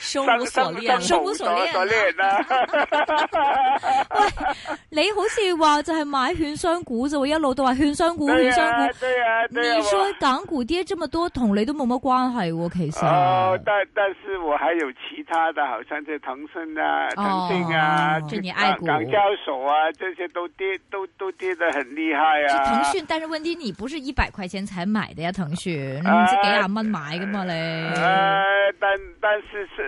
傻無所戀啊，傻乎所啲啊。啊 喂，你好似話就係買券商股就喎，我一路都話券商股，券商股。對啊，對啊，對啊。你說港股跌這麼多，同你都冇乜關係喎、哦，其實。哦，但但是我還有其他的，好似係騰訊啊、騰訊啊，哦、就你愛股。啊、港交所啊，這些都跌，都都跌得很厲害啊。騰訊，但是問題你不是一百塊錢才買的呀、啊，騰訊，你幾廿蚊買噶嘛你、啊嗯啊？但但是是。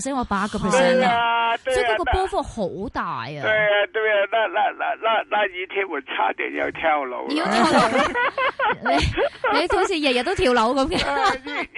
所以我把佢，所以個波幅好大啊對！對啊對啊，那那那那那一天我差點要跳樓， 你要跳樓？你你好似日日都跳樓咁嘅。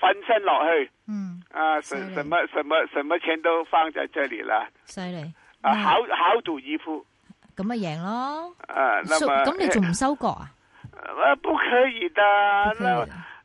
瞓身落去，嗯，啊，什麼什麼什麼什麼錢都放在這裏啦，犀利，啊，好好賭衣服，咁咪贏咯，誒、啊，咁你仲唔收割啊？誒、啊，不可以的，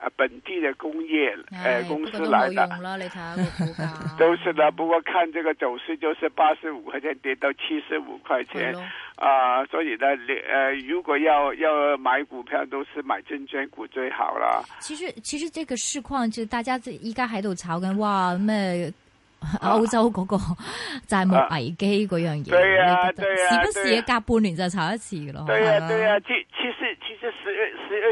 啊，本地的工業呃、哎、公司來的，這個、都，用你都是的不過看這個走勢，就是八十五塊錢跌到七十五塊錢，啊，所以呢呃如果要、呃、如果要，要買股票，都是買證券股最好啦。其實其實這個市況就大家依家喺度炒緊，哇咩歐洲嗰個債務危機嗰樣嘢、啊啊啊，時不時隔半年就炒一次咯。對啊對啊啊對啊對